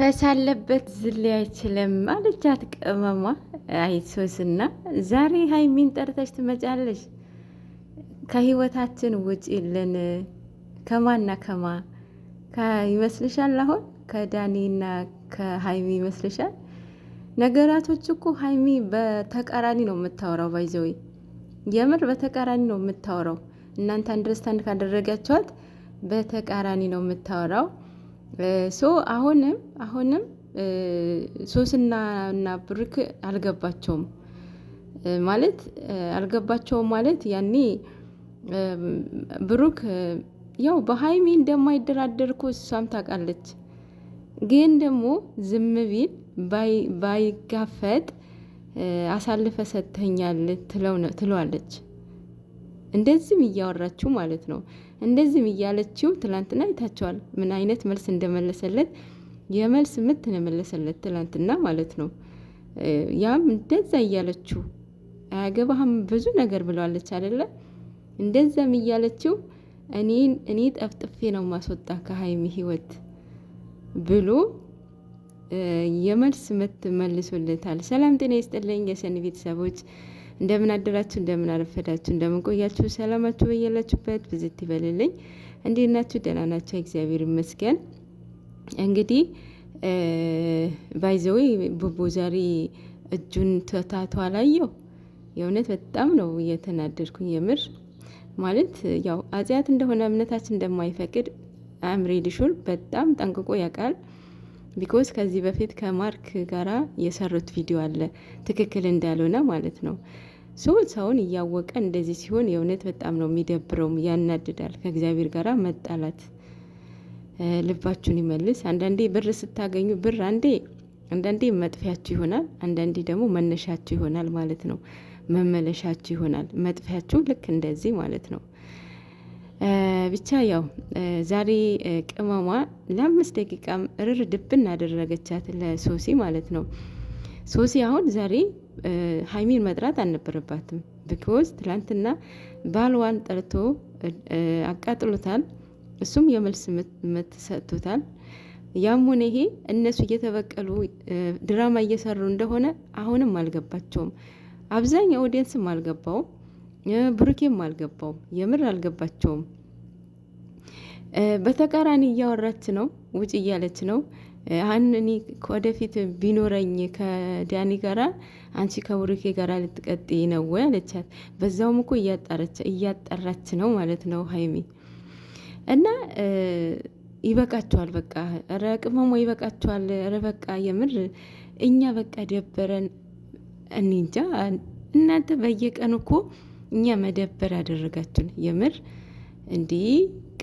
ፈሳለበት ዝሌ አይችልም አለቻት ቅመሟ አይሶስና ዛሬ ሀይሚን ጠርተሽ ትመጫለሽ ከህይወታችን ውጪልን ከማና ከማ ይመስልሻል አሁን ከዳኒና ከሀይሚ ይመስልሻል ነገራቶች እኮ ሀይሚ በተቃራኒ ነው የምታወራው ባይዘዌ የምር በተቃራኒ ነው የምታወራው እናንተ አንደርስታንድ ካደረጋቸዋት በተቃራኒ ነው የምታወራው ሶ አሁንም አሁንም ሶስና እና ብሩክ አልገባቸውም ማለት አልገባቸውም ማለት ያኔ ብሩክ ያው በሀይሚ እንደማይደራደር እኮ እሷም ታውቃለች። ግን ደግሞ ዝም ቢል ባይጋፈጥ አሳልፈ ሰጥተኛል ትለዋለች። እንደዚህም እያወራችው ማለት ነው። እንደዚህም እያለችው ትላንትና አይታቸዋል፣ ምን አይነት መልስ እንደመለሰለት የመልስ ምት ነው ትላንትና ማለት ነው። ያም እንደዛ እያለችው አያገባህም ብዙ ነገር ብለዋለች አደለ? እንደዛም እያለችው እኔን እኔ ጠፍጥፌ ነው ማስወጣ ከሀይሚ ህይወት ብሎ የመልስ ምት መልሶለታል። ሰላም ጤና ይስጥልኝ የሰኒ ቤተሰቦች እንደምን አደራችሁ፣ እንደምን አረፈዳችሁ፣ እንደምን ቆያችሁ። ሰላማችሁ በያላችሁበት ብዝት ይበልልኝ። እንዴት ናችሁ? ደህና ናቸው፣ እግዚአብሔር ይመስገን። እንግዲህ ባይዘዊ ቡቡ ዛሬ እጁን ተታቷ ላየው የእውነት በጣም ነው እየተናደድኩኝ። የምር ማለት ያው አጽያት እንደሆነ እምነታችን እንደማይፈቅድ አምሬድ በጣም ጠንቅቆ ያውቃል። ቢኮዝ ከዚህ በፊት ከማርክ ጋራ የሰሩት ቪዲዮ አለ ትክክል እንዳልሆነ ማለት ነው። ሰውን ሰውን እያወቀ እንደዚህ ሲሆን የእውነት በጣም ነው የሚደብረው፣ ያናድዳል። ከእግዚአብሔር ጋር መጣላት ልባችሁን ይመልስ። አንዳንዴ ብር ስታገኙ ብር አንዴ አንዳንዴ መጥፊያችሁ ይሆናል፣ አንዳንዴ ደግሞ መነሻችሁ ይሆናል ማለት ነው። መመለሻችሁ ይሆናል። መጥፊያችሁ ልክ እንደዚህ ማለት ነው። ብቻ ያው ዛሬ ቅመሟ ለአምስት ደቂቃም ርር ድብን አደረገቻት ለሶሲ ማለት ነው። ሶሲ አሁን ዛሬ ሀይሚን መጥራት አልነበረባትም። ቢኮዝ ትላንትና ባልዋን ጠርቶ አቃጥሎታል። እሱም የመልስ ምት ሰጥቶታል። ያም ሆነ ይሄ እነሱ እየተበቀሉ ድራማ እየሰሩ እንደሆነ አሁንም አልገባቸውም። አብዛኛው ኦዲየንስም አልገባውም፣ ብሩኬም አልገባውም። የምር አልገባቸውም። በተቃራኒ እያወራች ነው፣ ውጭ እያለች ነው አሁን እኔ ወደፊት ቢኖረኝ ከዳኒ ጋራ አንቺ ከብሩኬ ጋራ ልትቀጥ ነው ወይ አለቻት። በዛውም እኮ እያጠራች ነው ማለት ነው ሀይሚ እና ይበቃችኋል፣ በቃ ኧረ ቅመሟ ይበቃችኋል። ኧረ በቃ የምር እኛ በቃ ደበረን። እኔ እንጃ እናንተ በየቀኑ እኮ እኛ መደበር ያደረጋችሁን የምር እንዲህ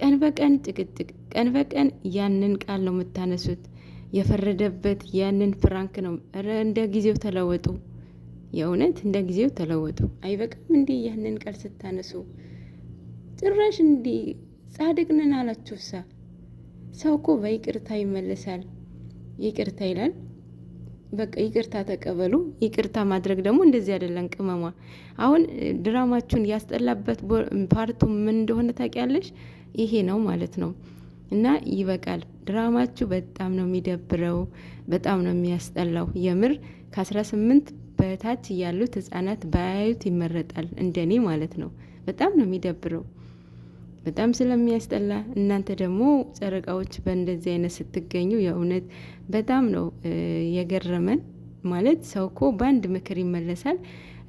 ቀን በቀን ጭቅጭቅ፣ ቀን በቀን ያንን ቃል ነው የምታነሱት። የፈረደበት ያንን ፍራንክ ነው። እረ እንደ ጊዜው ተለወጡ፣ የእውነት እንደ ጊዜው ተለወጡ። አይበቃም እንዴ ያንን ቃል ስታነሱ? ጭራሽ እንዲ ጻድቅ ነን አላችሁሳ። ሰው እኮ በይቅርታ ይመለሳል፣ ይቅርታ ይላል። በቃ ይቅርታ ተቀበሉ። ይቅርታ ማድረግ ደግሞ እንደዚህ አይደለም። ቅመሟ አሁን ድራማችሁን ያስጠላበት ፓርቱ ምን እንደሆነ ታውቂያለሽ? ይሄ ነው ማለት ነው። እና ይበቃል። ድራማችሁ በጣም ነው የሚደብረው፣ በጣም ነው የሚያስጠላው። የምር ከ18 በታች ያሉት ህጻናት ባያዩት ይመረጣል፣ እንደኔ ማለት ነው። በጣም ነው የሚደብረው፣ በጣም ስለሚያስጠላ። እናንተ ደግሞ ጨረቃዎች በእንደዚህ አይነት ስትገኙ የእውነት በጣም ነው የገረመን። ማለት ሰው እኮ በአንድ ምክር ይመለሳል።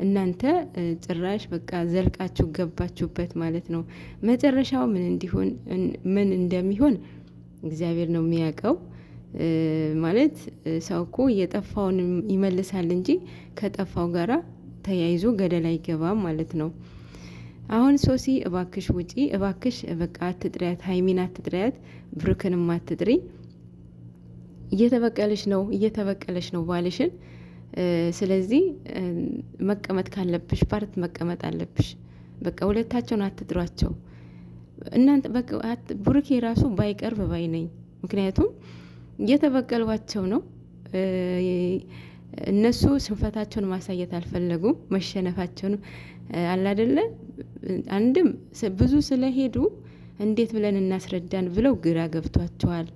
እናንተ ጭራሽ በቃ ዘልቃችሁ ገባችሁበት ማለት ነው። መጨረሻው ምን እንዲሆን ምን እንደሚሆን እግዚአብሔር ነው የሚያውቀው። ማለት ሰው እኮ የጠፋውን ይመልሳል እንጂ ከጠፋው ጋራ ተያይዞ ገደል አይገባም ማለት ነው። አሁን ሶሲ እባክሽ ውጪ፣ እባክሽ በቃ አትጥሪያት፣ ሀይሚን አትጥሪያት፣ ብሩክንም አትጥሪ። እየተበቀለሽ ነው፣ እየተበቀለሽ ነው ባልሽን ስለዚህ መቀመጥ ካለብሽ ፓርት መቀመጥ አለብሽ። በቃ ሁለታቸውን አትጥሯቸው። እናንተ ቡርኬ ራሱ ባይቀርብ ባይ ነኝ። ምክንያቱም እየተበቀሏቸው ነው። እነሱ ስንፈታቸውን ማሳየት አልፈለጉም። መሸነፋቸውን አላደለ አንድም ብዙ ስለሄዱ እንዴት ብለን እናስረዳን ብለው ግራ ገብቷቸዋል።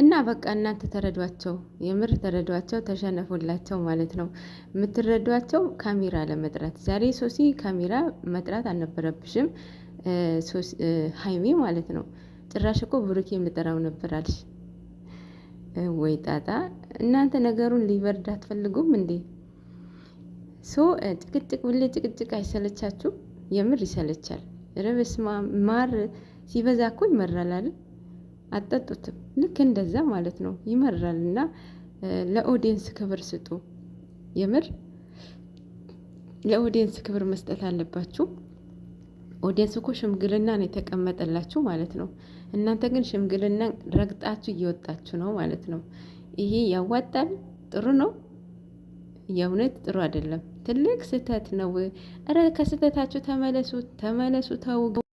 እና በቃ እናንተ ተረዷቸው፣ የምር ተረዷቸው፣ ተሸነፉላቸው ማለት ነው። የምትረዷቸው ካሜራ ለመጥራት ዛሬ ሶሲ ካሜራ መጥራት አልነበረብሽም ሀይሜ ማለት ነው። ጭራሽ እኮ ብሩኬ ልጠራው ነበር አልሽ ወይ ጣጣ። እናንተ ነገሩን ሊበርድ አትፈልጉም እንዴ? ሶ ጭቅጭቅ ብሌ ጭቅጭቅ አይሰለቻችሁ? የምር ይሰለቻል። ረበስ ማር ሲበዛ እኮ ይመራላል። አጠጡትም። ልክ እንደዛ ማለት ነው ይመራል። እና ለኦዲየንስ ክብር ስጡ። የምር ለኦዲየንስ ክብር መስጠት አለባችሁ። ኦዲየንስ እኮ ሽምግልና ነው የተቀመጠላችሁ ማለት ነው። እናንተ ግን ሽምግልና ረግጣችሁ እየወጣችሁ ነው ማለት ነው። ይሄ ያዋጣል? ጥሩ ነው? የእውነት ጥሩ አይደለም። ትልቅ ስህተት ነው። እረ ከስህተታችሁ ተመለሱ፣ ተመለሱ፣ ተው።